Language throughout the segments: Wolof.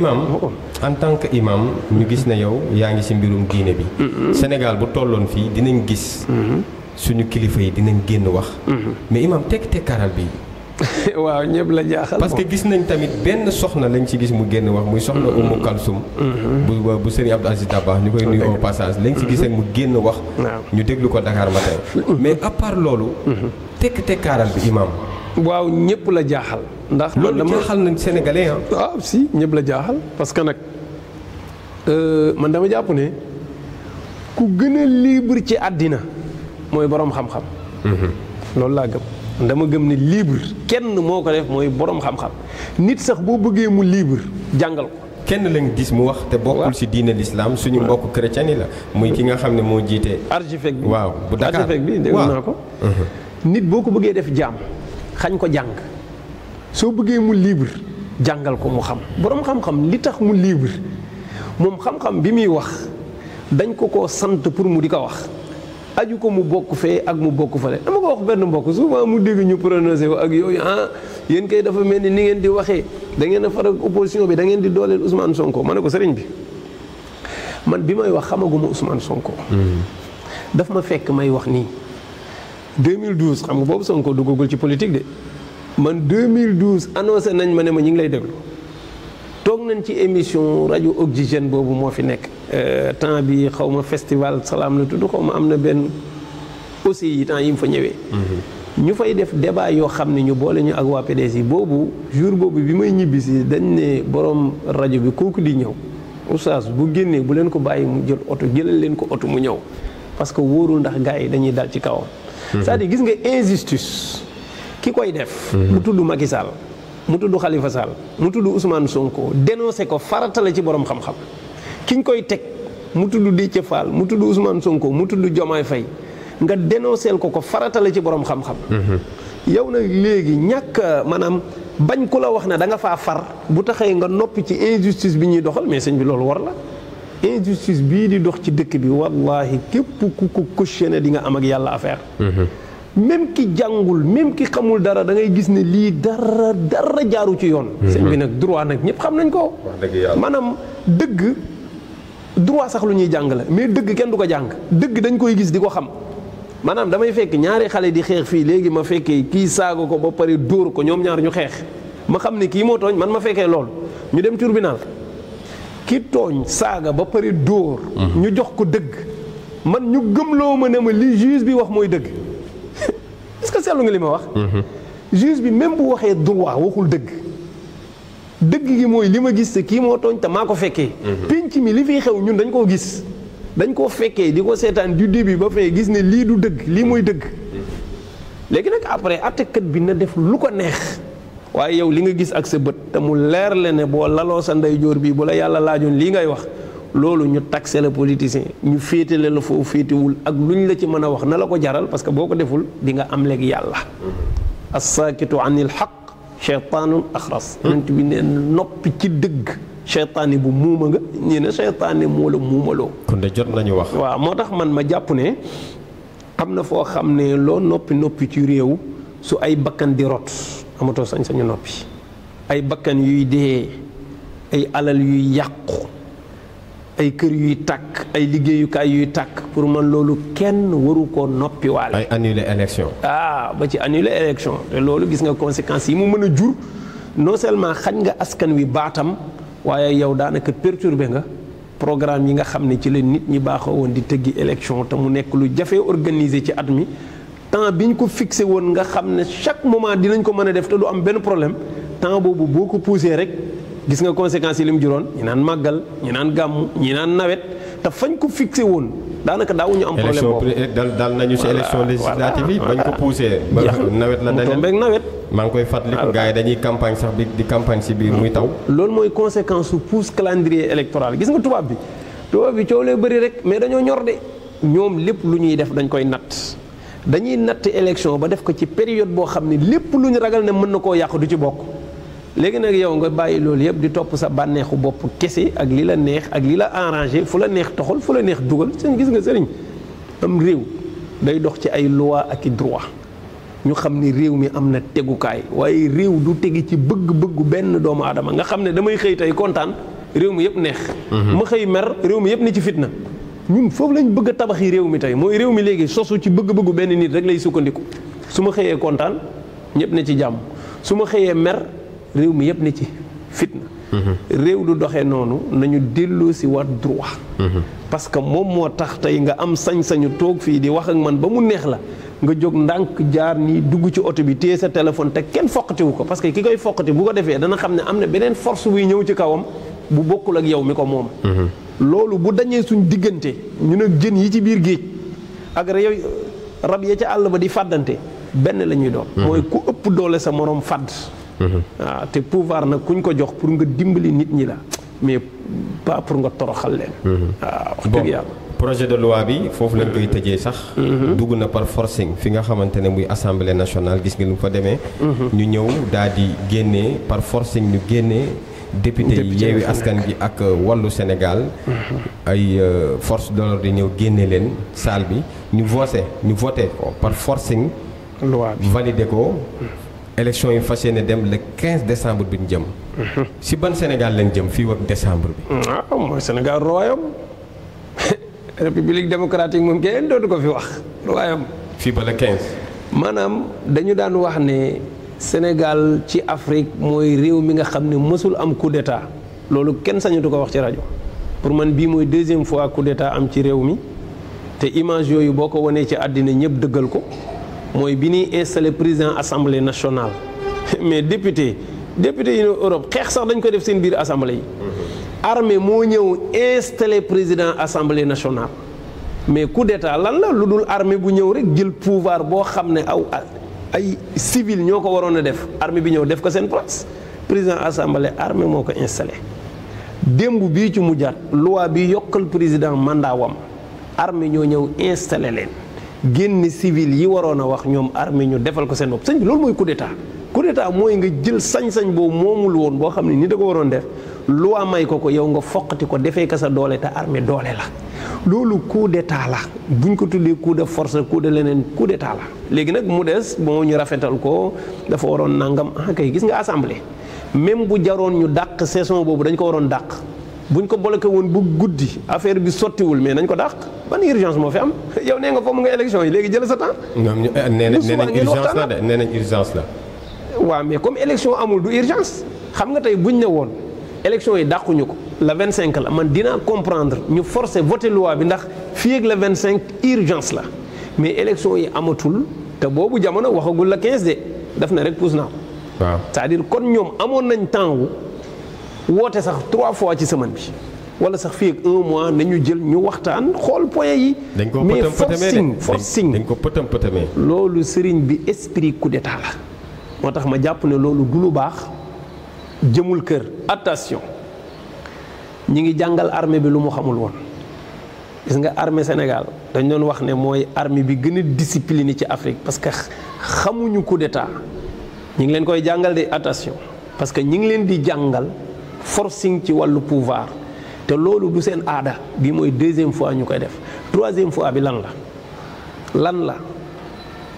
imam en tant que imam ñu gis ne yow yaa ngi ci mbirum diine bi. Sénégal bu tolloon fii dinañ gis. suñu kilifa yi dinañ génn wax. mais imam tekk tekkaaral bi. waaw ñëpp la jaaxal que gis nañ tamit benn soxna lañ ci gis mu génn wax muy soxna mm-hmm. Umu Kalsum mm-hmm. bu bu Serigne Abdou Aziz ñu koy nuyu oh, au passage lañ ci gis mm-hmm. mu génn wax ñu déglu ko Dakar Matin mais à part loolu tekk tekkaaral bi imam waaw ñëpp la jaaxal. ndax man dama loolu jaaxal na sénégalais ah. waaw si ñëpp la jaaxal parce que nag euh, man dama jàpp ne ku gën a libre ci àddina mooy boroom xam-xam. Mhm. loolu laa gëm. dama gëm ni libre kenn moo ko def mooy boroom xam-xam nit sax boo bëggee mu libre jàngal ko. kenn lañ gis mu wax te bokkul ci diine l'islam suñu mbokk chrétien yi la muy ki nga xam ne moo jiite. archevêque bi waaw bu Dakar bi dégg naa mhm. nit boo ko bëggee def jaam. xañ ko jàng soo bëggee mu libre jàngal ko mu xam boroom xam-xam li tax mu libre moom xam-xam bi muy wax dañ ko ko sant pour mu di ko wax aju ko mu bokk fee ak mu bokk fale dama ko wax benn mbokk souvent mu dégg ñu prononcé wu ak yooyu ah yéen kay dafa mel ni ni ngeen di waxee dangeen far a faral opposition bi da ngeen di dooleel Ousmane Sonko ma ko sëriñ bi man bi may wax xamaguma Ousmane Sonko. Hmm. daf ma fekk may wax nii. 2012 xam nga boobu Sonko duggagul ci politique de man 2012 annoncé nañ ma ne ma ñu ngi lay déglu toog nañ ci émission rajo Oxygène boobu moo fi nekk. Euh, temps bi xaw ma festival salaam la tudd xaw ma am na benn aussi yi temps yi mu fa ñëwee. Mhm. ñu fay def débat yoo xam ne ñu boole ñu ak waa PDS yi boobu jour boobu bi may ñibbisi dañ ne borom rajo bi kooku di ñëw oustaz bu génnee bu leen ko bàyyi mu jël oto jëlal leen ko oto mu ñëw parce que wóorul ndax gaa yi dañuy dal ci kawam. Mhm. cest à gis nga injustice ki koy def. Mhm. mu tudd Macky Sall mu tudd Khalifa Sall mu tudd Ousmane Sonko dénoncé ko farata ci boroom xam-xam kiñ koy teg mu tudd Déthié Fall mu tudd usmaan Sonko mu tudd Diomaye Faye nga dénoncé ko ko faratale ci borom xam-xam. Mhm. yow nag léegi ñàkk maanaam bañ ku la wax ne da nga faa far bu taxee nga noppi ci injustice bi ñuy doxal mais sëñ bi loolu war la. injustice bii di dox ci dëkk bi wallahi képp ku ko questionné di nga am ak yàlla affaire. Mhm. même ki jàngul même ki xamul dara da ngay gis ni lii dara dara jaaru ci yoon. Mhm. sëñ bi nag droit nag ñëpp xam nañ ko. maanaam dëgg droit sax lu ñuy jàng la mais dëgg kenn du ko jàng. dëgg dañ koy gis di ko xam. maanaam damay fekk ñaari xale di xeex fii léegi ma fekkee kii saago ko ba pare dóor ko ñoom ñaar ñu xeex ma xam ne kii moo tooñ man ma fekkee lool ñu dem tribunal ki tooñ saaga ba pare dóor. ñu jox ko dëgg. man ñu gëmloo ma ne ma li juge bi wax mooy dëgg est-ce que seetlu nga li ma wax. Mhm. juge bi même bu waxee droit waxul dëgg. dëgg gi mooy li ma gis te kii moo tooñ te maa ko fekkee. Mhm. pénc mi li fii xew ñun dañ koo gis. dañ koo fekkee di ko seetaan du début ba fee gis ne lii du dëgg lii mooy dëgg. Mhm. léegi nag après àttekat bi na def lu ko neex. waaye yow li nga gis ak sa bët te mu leer la ne boo laloo sa ndeyjoor bii bu la yàlla laajoon lii ngay wax loolu ñu taxé la politicien ñu féetale la foofu féetewul ak luñ la ci mën a wax na la ko jaral parce que boo ko deful di nga am léegi yàlla assaakitu anil xaq cheytaanun axras yonent bi ne noppi ci dëgg cheytaane bu muuma nga ñi ne cheytaane moo la muumaloo kon de jot nañu wax waaw moo tax man ma jàpp ne xam na foo xam ne loo noppi noppi ci réew su ay bakkan di rot amatoo sañ-sañu noppi ay bakkan yuy dee ay alal yuy yàqu ay kër yuy tàkk ay liggéeyukaay yuy tàkk pour man loolu kenn waru koo noppi waale ay annuler élection ah ba ci annuler élection te loolu gis nga conséquences yi mu mën a jur no seulement xañ nga askan wi baatam waaye yow daanaka perturbé nga programme yi nga xam ne ci la nit ñi baaxoo woon di tëggi élection te mu nekk lu jafe organiser ci at mi temps bi ñu ko fixé woon nga xam ne chaque moment dinañ ko mën a def te du am benn problème temps boobu boo ko poussé rek gis nga conséquences yi li mu juróon ñi naan màggal ñi naan gàmm ñi naan nawet te fañ ko fixé woon daanaka daawuñu am problème boobu eh, dal dal nañu si élection législative yi bañ ko la dañu nawet maa ngi koy fàttaliku gars yi dañuy campagne sax bi di campagne si biir muy taw loolu mooy conséquence su pousse calendrier électoral gis nga tubaab bi tubaab bi coow lee bëri rek mais dañoo ñor de ñoom lépp lu ñuy def dañ koy natt dañuy natt élection ba def ko ci période boo xam ne lépp lu ñu ragal ne mën na koo yàq du ci bokk léegi nag yow nga bàyyi loolu yëpp di topp sa bànneexu bopp kese ak li la neex ak li la arrangé fu la neex toxal fu la neex dugal seen gis nga sëriñ am réew day dox ci ay loi ak i droit ñu xam ni réew mi am na tegukaay waaye réew du tegi ci bëgg-bëggu benn doomu aadama nga xam ne damay xëy tey kontaan réew mi yëpp neex mhm. ma xëy mer réew mi yëpp ni ci fitna ñun foofu lañ bëgg a tabaxi réew mi tey mooy réew mi léegi sosu ci bëgg-bëggu benn nit rek lay sukkandiku su ma xëyee kontaan ñëpp ne ci jàmm su ma xëyee mer réew mi yëpp ne ci fitna. Mhm. réew du doxee noonu nañu delloo si waat droit. Mhm. parce que moom moo tax tey nga am sañ-sañu toog fii di wax ak man ba mu neex la nga jóg ndànk jaar nii dugg ci oto bi téye sa téléphone te kenn foqatiwu ko parce que ki koy foqati bu ko defee dana xam ne am na beneen force buy ñëw ci kawam bu bokkul ak yow mi ko moom. Mhm. loolu bu dañee suñ diggante ñu ne jën yi ci biir géej ak yooyu rab ya ca àll ba di fàddante benn la ñuy doon. Mhm. mooy ku ëpp doole sa moroom fàdd. Mhm. Ah, te pouvoir nag kuñ ko jox pour nga dimbali nit ñi la mais pas pour nga toroxal leen. Mhm. Ah, yàlla. projet de loi bi foofu lañ koy tëjee sax. dugg na par forcing fi nga xamante ne muy assemblée nationale gis nga lu fa demee. ñu ñëw daal di génnee par forcing ñu génnee. député yi yeewi askan bi ak euh, wallu Sénégal mhm. ay euh, force de l'ordre yi ñëw génne leen salle bi ñu voté ñu voté ko par forcing loi bi ko mhm. élection yi fas yéene dem le 15 décembre bi ñu jëm mhm. si ban Sénégal lañ jëm fii ak décembre bi waaw mm, ah, mooy Sénégal royaume république démocratique moom kenn dootu ko fi wax royaume fii ba le 15 maanaam dañu daan wax ne Sénégal ci Afrique mooy réew mi nga xam ne mësul am coup d'état loolu kenn sañatu ko wax ci rajo pour man bii mooy deuxième fois coup d'état am ci réew mi te image yooyu boo ko wanee ci àddina ñëpp dëggal ko mooy bi ñuy installé président assemblée nationale mais député député yi Europe xeex sax dañ ko def seen biir assemblée yi mm-hmm. armée moo ñëw installé président assemblée nationale mais coup d'état lan la lu dul armée bu ñëw rek jël pouvoir boo xam ne aw ay civil ñoo ko waroon a def armée bi ñëw def ko seen place président assemblée armée moo ko installé démb bii ci mujjaat loi bi yokkal président mandat wam armée ñoo ñëw installé leen génn civil yi waroon a wax ñoom armee ñu defal ko seen bopp sëñ bi loolu mooy coup d'état coup d'état mooy nga jël sañ-sañ boobu moomul woon boo xam ne ni da ko waroon def lu waa may ko ko yow nga foqati ko defee ko sa doole te armée doole la loolu coup d'état la buñ ko tuddee coup de force coup de leneen coup d'état la léegi nag mu des boo ñu rafetal ko dafa waroon nangam ah kay gis nga assemblée même bu jaroon ñu dàq session boobu dañ ko waroon dàq buñ ko bloqué woon bu guddi affaire bi sottiwul mais nañ ko dàq ban urgence moo fi am yow nee nga foofu mu nga élection yi léegi jël sa temps. ñoom eh, nee nañ urgence la de nee nañ urgence la. waaw mais comme élection amul du urgence xam nga tey buñ ne woon. élection yi dàquñu ko le cinq la man dinaa comprendre ñu forcer voter loi bi ndax fii ak le cinq urgence la mais élection yi amatul te boobu jamono waxagul la 15 de daf na rek pousse naa ko. waaw c'est-à-dire kon ñoom amoon nañ temps wu woote sax trois fois ci semaine bi wala sax fii ak un mois nañu jël ñu waxtaan xool point yi. dañ ko mais forcing forcing dañ ko pëtam loolu sëriñ bi esprit coup la moo tax ma jàpp ne loolu du lu baax. jëmul kër attation ñi ngi jàngal armée bi lu mu xamul woon gis nga armée Sénégal dañ doon wax ne mooy armée bi gën a discipliné ci Afrique parce que xamuñu coup d'état ñi ngi leen koy jàngal de attention parce que ñi ngi leen di jàngal forcing ci wàllu pouvoir te loolu du seen aada bi mooy deuxième fois ñu koy def troisième fois bi lan la lan la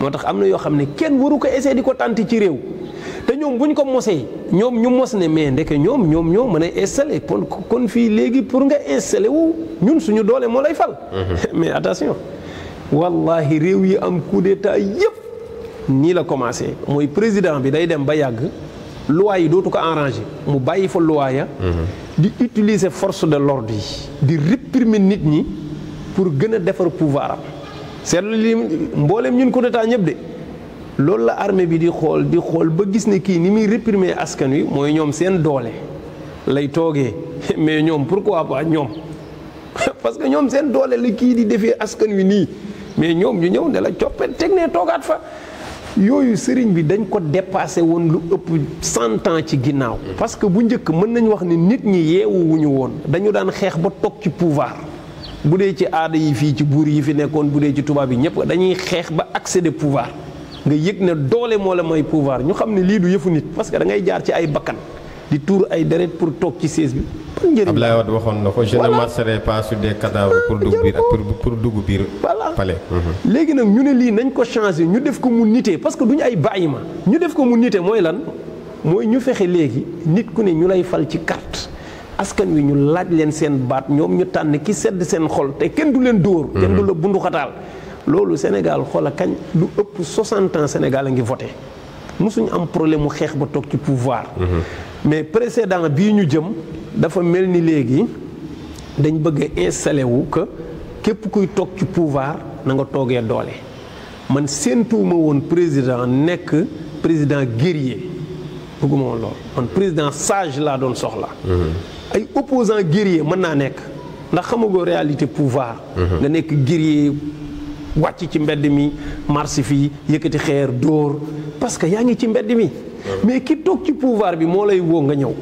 moo tax am na yoo xam ne kenn waru ko essayer di ko tànti ci réew ñoom ñu ko mose ñoom ñu mos ne mais ndeke ñoom ñoom ñoo mën a installé kon kon fii léegi pour nga installé wu ñun suñu doole moo lay fal. Mhm. mais attention wallahi réew yi am coup d'état yëpp nii la commencé mooy président bi day dem ba yàgg loi yi dootu ko arrangé mu bàyyi fa loi mhm. di utiliser force de l'ordre yi di réprimer nit ñi pour gën a defar pouvoir am mbooleem ñun coup d'état ñëpp de. loolu la armée bi di xool di xool ba gis ne kii ni muy réprimer askan wi mooy ñoom seen doole lay toogee mais ñoom pour pourquoi pas ñoom parce que ñoom seen doole la kii di defee askan wi nii mais ñoom ñu ñëw ne la coppe teg ne toogaat fa yooyu sëriñ bi dañ ko dépassé woon lu ëpp cent ans ci ginnaaw parce que bu njëkk mën nañu wax ne nit ñi yeewuwuñu woon dañu daan xeex ba toog ci pouvoir bu dee ci aada yi fii ci buur yi fi nekkoon bu dee ci tubaab yi ñëpp dañuy xeex ba accéder pouvoir nga yëg ne doole moo la may pouvoir ñu xam ne lii du yëfu nit parce que da jaar ci ay bakkan di tuur ay deret pour toog ci siis bi. ban njëriñ la Abdoulaye Wade waxoon na ko je ne marcherai pas sur des cadavres pour dugg biir pour dugg biir. palais mhm. léegi nag ñu ne lii nañ ko changé ñu def ko mu nitee parce que duñu ay bàyyi ma ñu def ko mu nitee mooy lan mooy ñu fexe léegi nit ku ne ñu lay fal ci kart askan wi ñu laaj leen seen baat ñoom ñu tànn ki sedd seen xol te kenn du leen dóor. kenn du mhm. la bunduxataal loolu Sénégal xoola kañ lu ëpp 60 ans Sénégal a ngi voté musuñu am problème mu xeex ba toog ci pouvoir. Mhm. mais précédent bii ñu jëm dafa mel ni léegi dañ bëgg a installé wu que képp kuy toog ci pouvoir na nga toogee doole man séentuwuma woon président nekk président guerrier bëgguma woon lool man président sage laa doon soxla. Mhm. ay opposant guerrier mën naa nekk ndax xamagoo réalité pouvoir. Mhm. nga nekk guerrier. wàcc ci mbedd mi marché fii yëkkati xeer dóor parce que yaa ngi ci mbedd mi. mais ki toog ci pouvoir bi moo lay woo nga ñëw.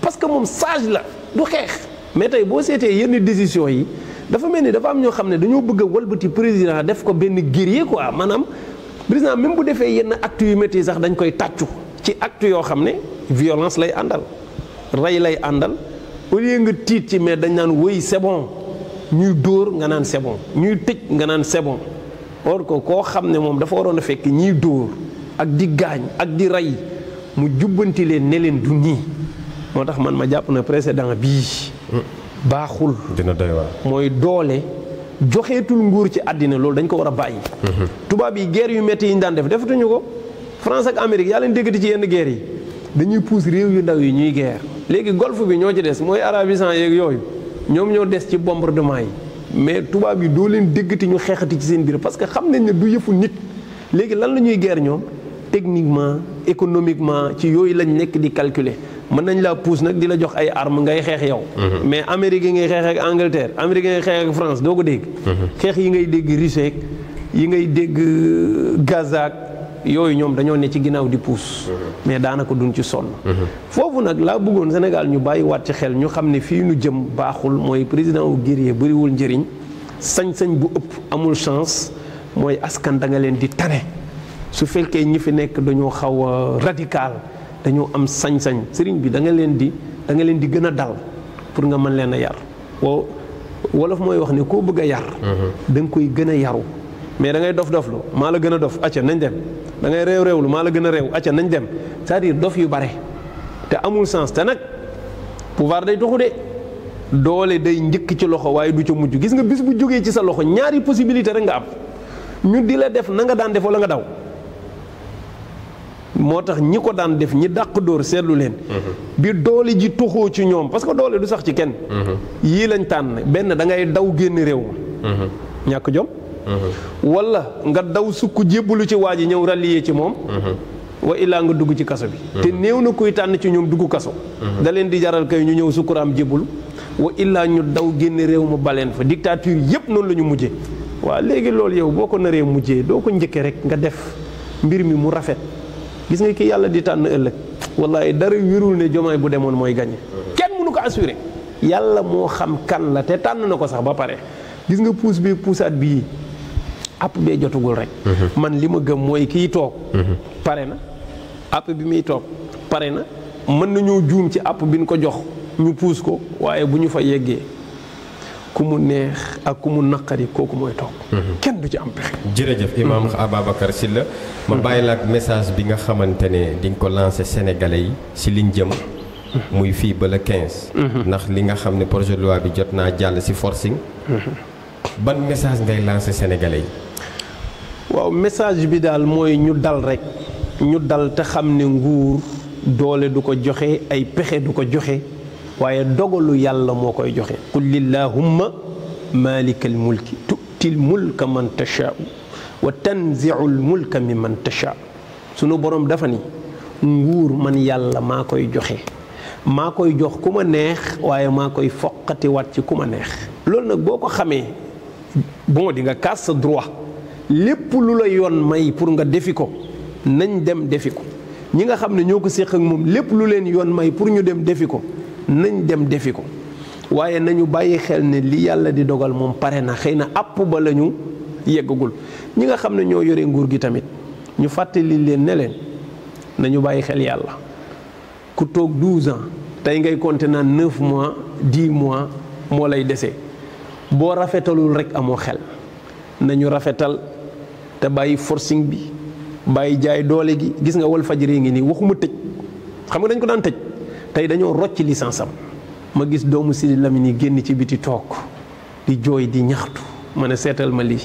parce que moom sage la du xeex. mais tey boo seetee yenn décision yi dafa mel ni dafa am ñoo xam ne dañoo bëgg a walbati président def ko benn guerrier quoi maanaam président même bu defee yenn actes yu métti sax dañ koy tàccu ci actes yoo xam ne violence lay àndal ray lay àndal au lieu nga tiit ci mais dañ naan woy c'est ñuy dóor nga naan c'est ñuy tëj nga naan c'est or ko koo xam ne moom dafa waroon a fekk ñiy dóor ak di gaañ ak di rey mu jubbanti leen ne leen du nii moo tax man ma jàpp na précédent bii baaxul dina doy waar mooy doole joxeetul nguur ci àddina loolu dañ ko war a bàyyi mhm. tubaab yi geer yu métti yi ñu daan def defatuñu ko France ak Amérique yaa leen déggati ci yenn guerre yi dañuy pousse réew yu ndaw yi ñuy guerre léegi golfe bi ñoo ci des mooy arabisant yeeg yooyu ñoom ñoo des ci bombardement yi mais tubaab yi doo leen déggati ñu xeexati ci seen biir parce que xam nañ ne du yëfu nit léegi lan la ñuy guerre ñoom techniquement économiquement ci yooyu lañ nekk di calculer mën nañ laa pousse nag di la jox ay armes ngay xeex yow. Mhm. mais Amérique ngay xeex ak Angleterre Amérique ngay xeex ak France doo ko dégg. Mhm. xeex yi ngay dégg Russie yi ngay dégg euh, Gaza ak yooyu ñoom dañoo ne ci ginnaaw di puus mais daanaka duñ ci sonn foofu nag laa bëggoon Sénégal ñu bàyyi waat xel ñu xam ne fii nu jëm baaxul mooy président wu guerrier bariwul njëriñ sañ-sañ bu ëpp amul chance mooy askan da nga leen di tane su fekkee ñi fi nekk dañoo xaw a radical dañoo am sañ-sañ sëriñ bi da nga leen di da nga leen di gën a dal pour nga mën leen a yar wolof mooy wax ne koo bëgg a yar mhm. da nga koy gën a yaru mais dangay ngay dof doflu maa la gën a dof acca nañ dem dangay ngay réew réewlu maa la gën a réew acca nañ dem cest à dof yu bare te amul sens te nag pouvoir day doxu de doole day njëkk ci loxo waaye du ca mujj gis nga bis bu jógee ci sa loxo ñaari possibilité rek nga am ñu di la def na nga daan def la nga daw moo tax ñi ko daan def ñi dàq dóor seetlu leen. Mm-hmm. bi doole ji toxoo ci ñoom parce que doole du sax ci kenn. Mm-hmm. yii lañ tànn benn dangay daw génn réew. Mm-hmm. ñàkk jom. walla nga daw sukk jébbalu ci waa ji ñëw rallier ci moom wa illaa nga dugg ci kaso bi te néew na koy tànn ci ñoom dugg kaso da leen di jaral kay ñu ñëw sukkuraam jébbul wa illaa ñu daw génne réew ma baleen fa dictature yépp noonu la ñu mujjee waaw léegi loolu yow boo ko naree mujjee doo ko njëkkee rek nga def mbir mi mu rafet gis nga ki yàlla di tànn ëllëg wallaay dara wérul ne jomaay bu demoon mooy gagné kenn mënu ko assuré yàlla moo xam kan la te tànn na ko sax ba pare gis nga puus bi puusaat bii app bee jotagul rek. Mm-hmm. man li ma gëm mooy kiy toog. Mm-hmm. pare na app bi muy toog pare na mën nañoo juum ci app bi ñu ko jox ñu puus ko waaye bu ñu fa yeggee ku mu neex ak ku mu naqari kooku mooy toog. Mm-hmm. kenn du ci am pexe. jërëjëf Imam Ababacar Sylla ma bàyyi la ak message bi nga xamante ne di ko lancé Sénégalais yi si liñ jëm. muy fii ba le 15. ndax li nga xam ne projet de loi bi jot naa jàll si forcing. ban message ngay lancé Sénégalais yi. waaw message bi daal mooy ñu dal rek ñu dal te xam ne nguur doole du ko joxe ay pexe du ko joxe waaye dogalu yàlla moo koy joxe qul lillahumma maalikal mulki tu'til mulka man tashaa'u wa sunu borom dafa ni nguur man yàlla maa koy joxe maa koy jox ku ma neex waaye maa koy foqatiwaat ci ku ma neex loolu nag boo ko xamee bon di nga kaas sa droit lépp lu la yoon may pour nga defi ko nañ dem defi ko ñi nga xam ne ñoo ko séq ak moom lépp lu leen yoon may pour ñu dem defi ko nañ dem defi ko waaye nañu bàyyi xel ne li yàlla di dogal moom pare na xëy na àpp ba la ñu yeggagul ñi nga xam ne ñoo yore nguur gi tamit ñu fàttali leen ne leen nañu bàyyi xel yàlla ku toog 12 ans tey ngay compter naan 9 mois 10 mois moo lay dese boo rafetalul rek amoo xel nañu rafetal. da bàyyi forcing bi bàyyi jaay doole gi gis nga wol wal fajri ngi nii waxuma tëj xam nga dañ ko daan tëj tey dañoo rocc licence am ma gis doomu si Lamine yi génn ci biti toog di jooy di ñaxtu ma ne seetal ma lii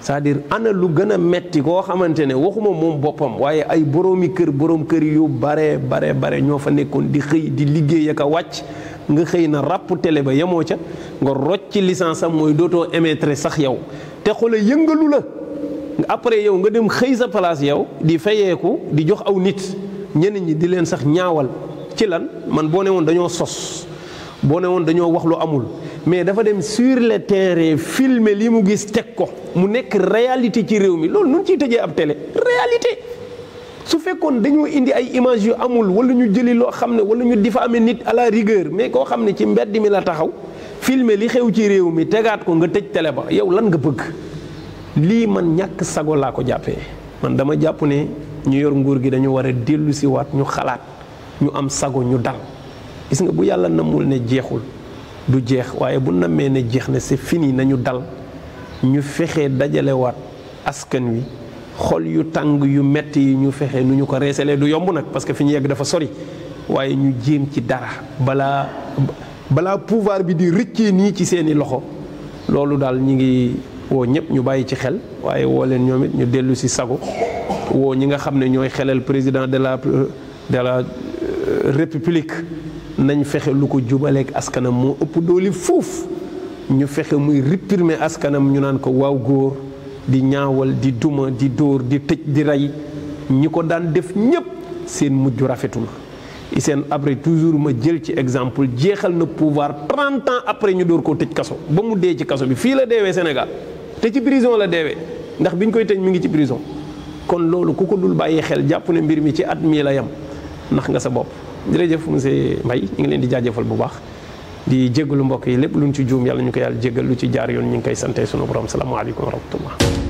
c'est-à-dire ana lu gën a metti koo xamante ne waxuma moom boppam waaye ay boroomi kër boroom kër yu bare bare bare ñoo fa nekkoon di xëy di liggéey ak a wàcc nga xëy na ràpp télé ba yemoo ca nga rocc licence am mooy dootoo émettre sax yow te xoolal après yow nga dem xëy sa place yow di fayeeku di jox aw nit ñeneen ñi di leen sax ñaawal ci lan man boo ne woon dañoo sos boo ne woon dañoo wax lu amul mais dafa dem sur le terrain filmer li mu gis teg ko mu nekk réalité ci réew mi loolu nun ci tëjee ab tele réalité su fekkoon dañoo indi ay image yu amul wala ñu jëli loo xam ne wala ñu diffamer nit à la mais koo xam ne ci mbedd mi la taxaw filmer li xew ci réew mi tegaat ko nga tëj télé ba yow lan nga bëgg lii man ñàkk sago laa ko jàppee man dama jàpp ne ñu yor nguur gi dañu war a dellu ñu xalaat ñu am sago ñu dal gis nga bu yàlla namul ne jeexul du jeex waaye bu nammee ne jeex na c'est fini nañu dal ñu fexe dajalewaat askan wi xol yu tàng yu metti yi ñu fexe nu ñu ko reesalee du yomb nag parce que fi ñu yegg dafa sori waaye ñu jéem ci dara balaa balaa pouvoir bi di rëccee nii ci seeni loxo loolu daal ñi ngi woo ñëpp ñu bàyyi ci xel waaye woo leen ñoom it ñu dellu si sago woo ñi nga xam ne ñooy xelal président de la de la euh, république nañ fexe lu ko jubaleek askanam moo ëpp dooli foofu ñu fexe muy réprimer askanam ñu naan ko waaw góor di ñaawal di duma di dóor di tëj di rey ñi ko daan def ñëpp seen mujj rafetul seen après toujours ma jël ci exemple jeexal na pouvoir 30 ans après ñu dóor koo tëj kaso ba mu dee ci kaso bi fii la deewee Sénégal te ci prison la deewee ndax biñ koy tëj mi ngi ci prison kon loolu ku ko dul bàyyi xel jàpp ne mbir mi ci at mii la yem ndax nga sa bopp jërëjëf monsieur Mbaye ñu ngi leen di jaajëfal bu baax di jéggalu mbokk yi lépp luñ ci juum yàlla ñu ko yàlla jéggal lu ci jaar yoon ñu ngi koy sante sunu borom salaamaaleykum wa rahmatullah